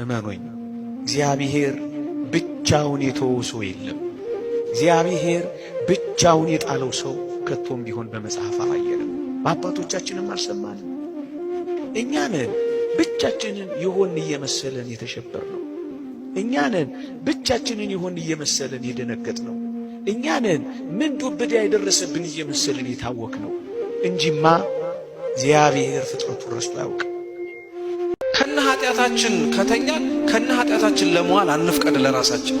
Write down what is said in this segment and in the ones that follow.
እመኑኝ፣ እግዚአብሔር ብቻውን የተወው ሰው የለም። እግዚአብሔር ብቻውን የጣለው ሰው ከቶም ቢሆን በመጽሐፍ አላየንም፣ በአባቶቻችንም አልሰማንም። እኛንን ብቻችንን የሆን እየመሰለን የተሸበር ነው። እኛንን ብቻችንን የሆን እየመሰለን የደነገጥ ነው። እኛንን ምን ዱብ ዕዳ የደረሰብን እየመሰለን የታወክ ነው እንጂማ እግዚአብሔር ፍጥረቱን ረስቶ አያውቅም። ኃጢአታችን ከተኛን ከነ ኃጢአታችን ለመዋል አንፍቀድ። ለራሳችን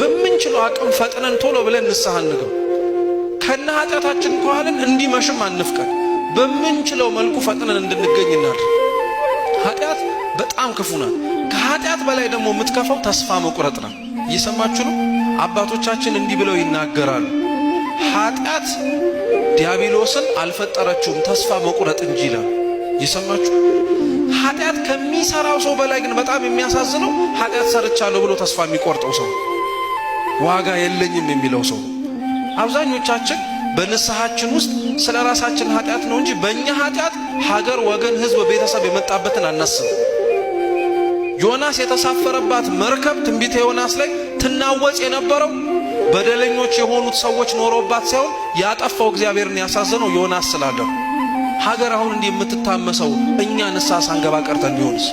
በምንችለው አቅም ፈጥነን ቶሎ ብለን ንስሐ እንግባ። ከነ ኃጢአታችን ከዋልን እንዲመሽም አንፍቀድ። በምንችለው መልኩ ፈጥነን እንድንገኝ እናድርግ። ኃጢአት በጣም ክፉ ናት። ከኃጢአት በላይ ደግሞ የምትከፋው ተስፋ መቁረጥ ናት። እየሰማችሁ ነው። አባቶቻችን እንዲህ ብለው ይናገራሉ። ኃጢአት ዲያብሎስን አልፈጠረችውም ተስፋ መቁረጥ እንጂ ይላል። የሰማችሁ ኃጢአት ከሚሰራው ሰው በላይ ግን በጣም የሚያሳዝነው ኃጢአት ሰርቻለሁ ብሎ ተስፋ የሚቆርጠው ሰው ዋጋ የለኝም የሚለው ሰው። አብዛኞቻችን በንስሐችን ውስጥ ስለ ራሳችን ኃጢአት ነው እንጂ በእኛ ኃጢአት ሀገር፣ ወገን፣ ህዝብ፣ ቤተሰብ የመጣበትን አናስብ። ዮናስ የተሳፈረባት መርከብ ትንቢተ ዮናስ ላይ ትናወጽ የነበረው በደለኞች የሆኑት ሰዎች ኖሮባት ሳይሆን ያጠፋው እግዚአብሔርን ያሳዘነው ዮናስ ስላለው ሀገር አሁን እንዲህ የምትታመሰው እኛ ንስሐ ሳንገባ ቀርተን ቢሆንስ?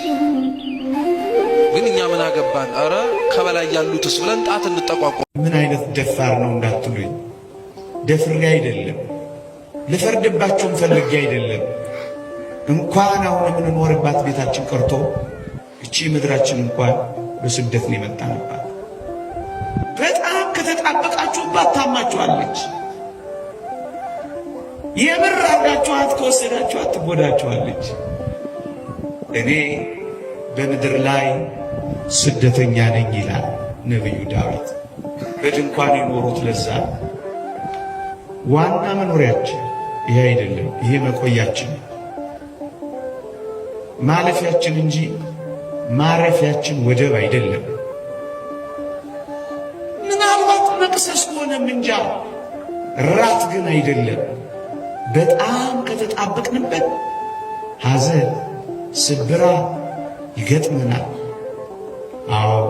ግን እኛ ምን አገባን? አረ ከበላይ ያሉትስ ብለን ጣት እንጠቋቋ ምን አይነት ደፋር ነው እንዳትሉኝ፣ ደፍሬ አይደለም ልፈርድባቸውም ፈልጌ አይደለም። እንኳን አሁን የምንኖርባት ቤታችን ቀርቶ እቺ ምድራችን እንኳን በስደት ነው የመጣንባት። በጣም ከተጣበቃችሁባት ታማችኋለች። የምር አርጋችኋት ከወሰዳችኋት ትጎዳችኋለች። እኔ በምድር ላይ ስደተኛ ነኝ ይላል ነቢዩ ዳዊት። በድንኳን የኖሩት ለዛ ዋና መኖሪያችን ይሄ አይደለም። ይሄ መቆያችን ማለፊያችን እንጂ ማረፊያችን ወደብ አይደለም። ምናልባት መቅሰስ ሆነ ምንጃ ራት ግን አይደለም። በጣም ከተጣበቅንበት ሐዘን፣ ስብራ ይገጥመናል። አዎ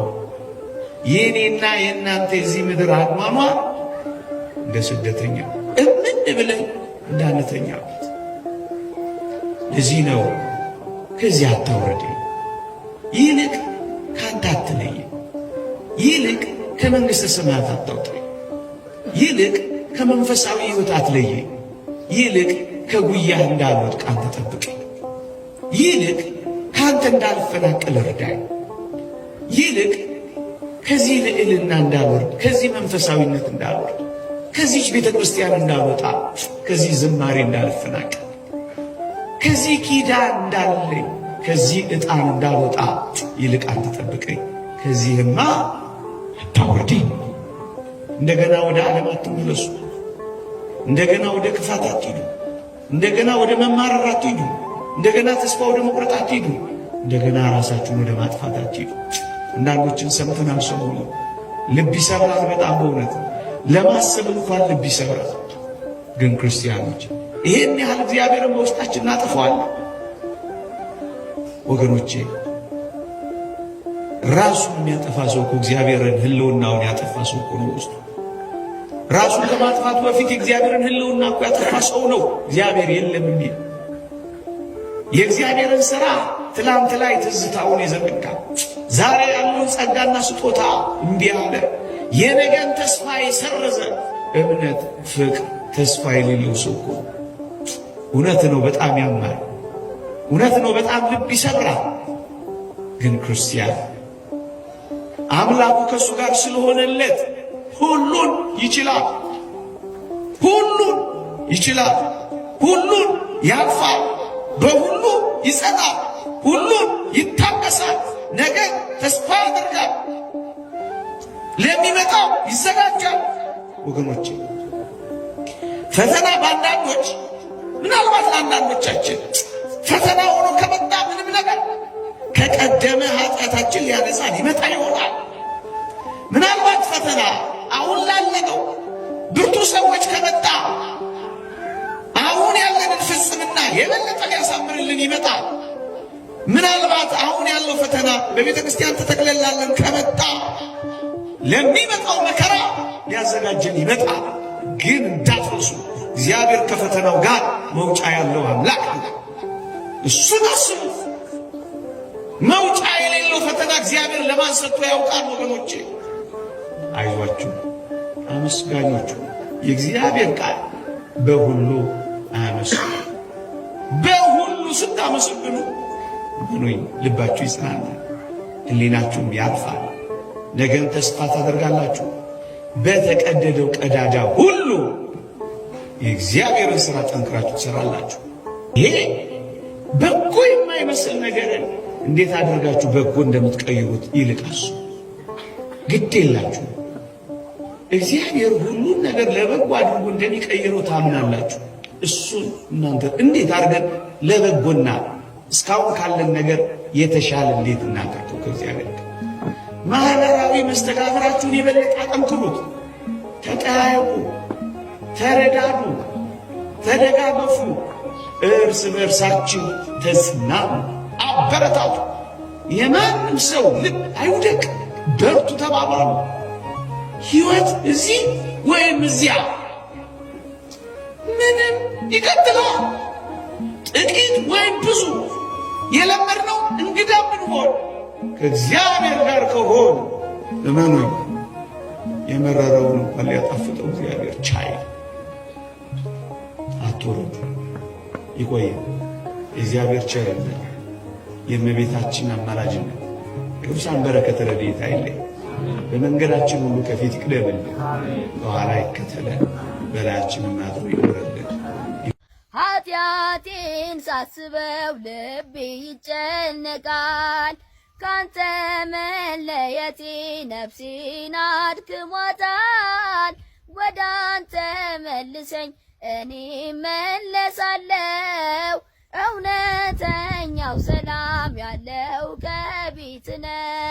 የኔና የእናንተ የዚህ ምድር አድማማ እንደ ስደተኛ እምን ብለን እንዳንተኛበት። ለዚህ ነው ከዚህ አታውረድ፣ ይልቅ ከአንተ አትለየ ይልቅ ከመንግሥተ ሰማያት አታውጠ ይልቅ ከመንፈሳዊ ሕይወት አትለየኝ። ይልቅ ከጉያህ እንዳልወድቅ አንተ ጠብቀኝ። ይልቅ ከአንተ እንዳልፈናቀል እርዳኝ። ይልቅ ከዚህ ልዕልና እንዳልወርድ፣ ከዚህ መንፈሳዊነት እንዳልወርድ፣ ከዚች ቤተ ክርስቲያን እንዳልወጣ፣ ከዚህ ዝማሬ እንዳልፈናቀል ከዚህ ኪዳን እንዳለኝ፣ ከዚህ ዕጣን እንዳልወጣ ይልቅ አንተ ጠብቀኝ። ከዚህማ አታወርደኝ። እንደገና ወደ ዓለም አትመለሱ። እንደገና ወደ ክፋት አትሂዱ። እንደገና ወደ መማረር አትሂዱ። እንደገና ተስፋ ወደ መቁረጥ አትሂዱ። እንደገና ራሳችሁን ወደ ማጥፋት አትሂዱ። አንዳንዶችን ሰምተናል። ሰሞኑ ልብ ይሰብራል በጣም በእውነት ለማሰብ እንኳን ልብ ይሰብራል። ግን ክርስቲያኖች ይህን ያህል እግዚአብሔርን በውስጣችን እናጠፋዋለን። ወገኖቼ ራሱን የሚያጠፋ ሰው እኮ እግዚአብሔርን ህልውናውን ያጠፋ ሰው እኮ ነው ውስጡ ራሱን ከማጥፋቱ በፊት የእግዚአብሔርን ሕልውና እኮ ያጠፋ ሰው ነው እግዚአብሔር የለም የሚል የእግዚአብሔርን ስራ ትላንት ላይ ትዝታውን የዘነጋ ዛሬ ያለውን ጸጋና ስጦታ እምቢ አለ። የነገን ተስፋ የሰረዘ እምነት፣ ፍቅር፣ ተስፋ የሌለው ሰው እኮ እውነት ነው። በጣም ያማል። እውነት ነው። በጣም ልብ ይሰብራል። ግን ክርስቲያን አምላኩ ከእሱ ጋር ስለሆነለት ሁሉን ይችላል፣ ሁሉን ይችላል፣ ሁሉን ያልፋል፣ በሁሉ ይጸናል፣ ሁሉን ይታገሳል፣ ነገ ተስፋ ያደርጋል፣ ለሚመጣው ይዘጋጃል። ወገኖች ፈተና በአንዳንዶች ምናልባት ለአንዳንዶቻችን ፈተና ሆኖ ከመጣ ምንም ነገር ከቀደመ ኃጢአታችን ሊያነሳን ይመጣ ይሆናል። ምናልባት ፈተና ሁላነጠው ብርቱ ሰዎች ከመጣ አሁን ያለንን ፍጽምና የበለጠ ሊያሳምርልን ይመጣል። ምናልባት አሁን ያለው ፈተና በቤተ ክርስቲያን ተጠቅለላለን ከመጣ ለሚመጣው መከራ ሊያዘጋጀን ይመጣል። ግን እንዳትረሱ እግዚአብሔር ከፈተናው ጋር መውጫ ያለው አምላክ እሱ ታስቡ። መውጫ የሌለው ፈተና እግዚአብሔር ለማን ሰጥቶ ያውቃል? ወገኖቼ አይዟችሁ። አመስጋኞቹ የእግዚአብሔር ቃል በሁሉ አመስግኑ። በሁሉ ስታመሰግኑ ወገኖይ ልባችሁ ይጽናናል፣ ሕሊናችሁም ያርፋል። ነገን ተስፋ ታደርጋላችሁ። በተቀደደው ቀዳዳ ሁሉ የእግዚአብሔርን ስራ ጠንክራችሁ ትሰራላችሁ። ይሄ በጎ የማይመስል ነገርን እንዴት አድርጋችሁ በጎ እንደምትቀይሩት ይልቃሱ ግድ የላችሁ እግዚአብሔር ሁሉን ነገር ለበጎ አድርጎ እንደሚቀይረው ታምናላችሁ። እሱን እናንተ እንዴት አድርገን ለበጎና እስካሁን ካለን ነገር የተሻለ እንዴት እናደርገው? ከእግዚአብሔር ማህበራዊ መስተጋብራችሁን የበለጠ አጠንክሩት። ተጠያየቁ፣ ተረዳዱ፣ ተደጋገፉ፣ እርስ በእርሳችሁ ተጽናኑ፣ አበረታቱ። የማንም ሰው ልብ አይውደቅ። በርቱ ተባባሉ። ህይወት እዚህ ወይም እዚያ ምንም ይቀጥለዋል። ጥቂት ወይም ብዙ የለመድነው እንግዳ ብንሆን ከእግዚአብሔር ጋር ከሆን እመኑ የመረረውን እንኳን ሊያጣፍጠው እግዚአብሔር ቻይ አትወረዱ። ይቆየ እግዚአብሔር ቸርነት የእመቤታችን አማላጅነት ቅዱሳን በረከተ ረድኤት አይለይ። በመንገዳችን ሁሉ ከፊት ቅደብልን፣ በኋላ ይከተለን፣ በላያችን እናቶ ይኖረልን። ኃጢአቴን ሳስበው ልብ ይጨነቃል። ካንተ መለየቴ ነፍሴን አድክሟታል። ወደ አንተ መልሰኝ እኔ መለሳለው። እውነተኛው ሰላም ያለው ከቤት ነው።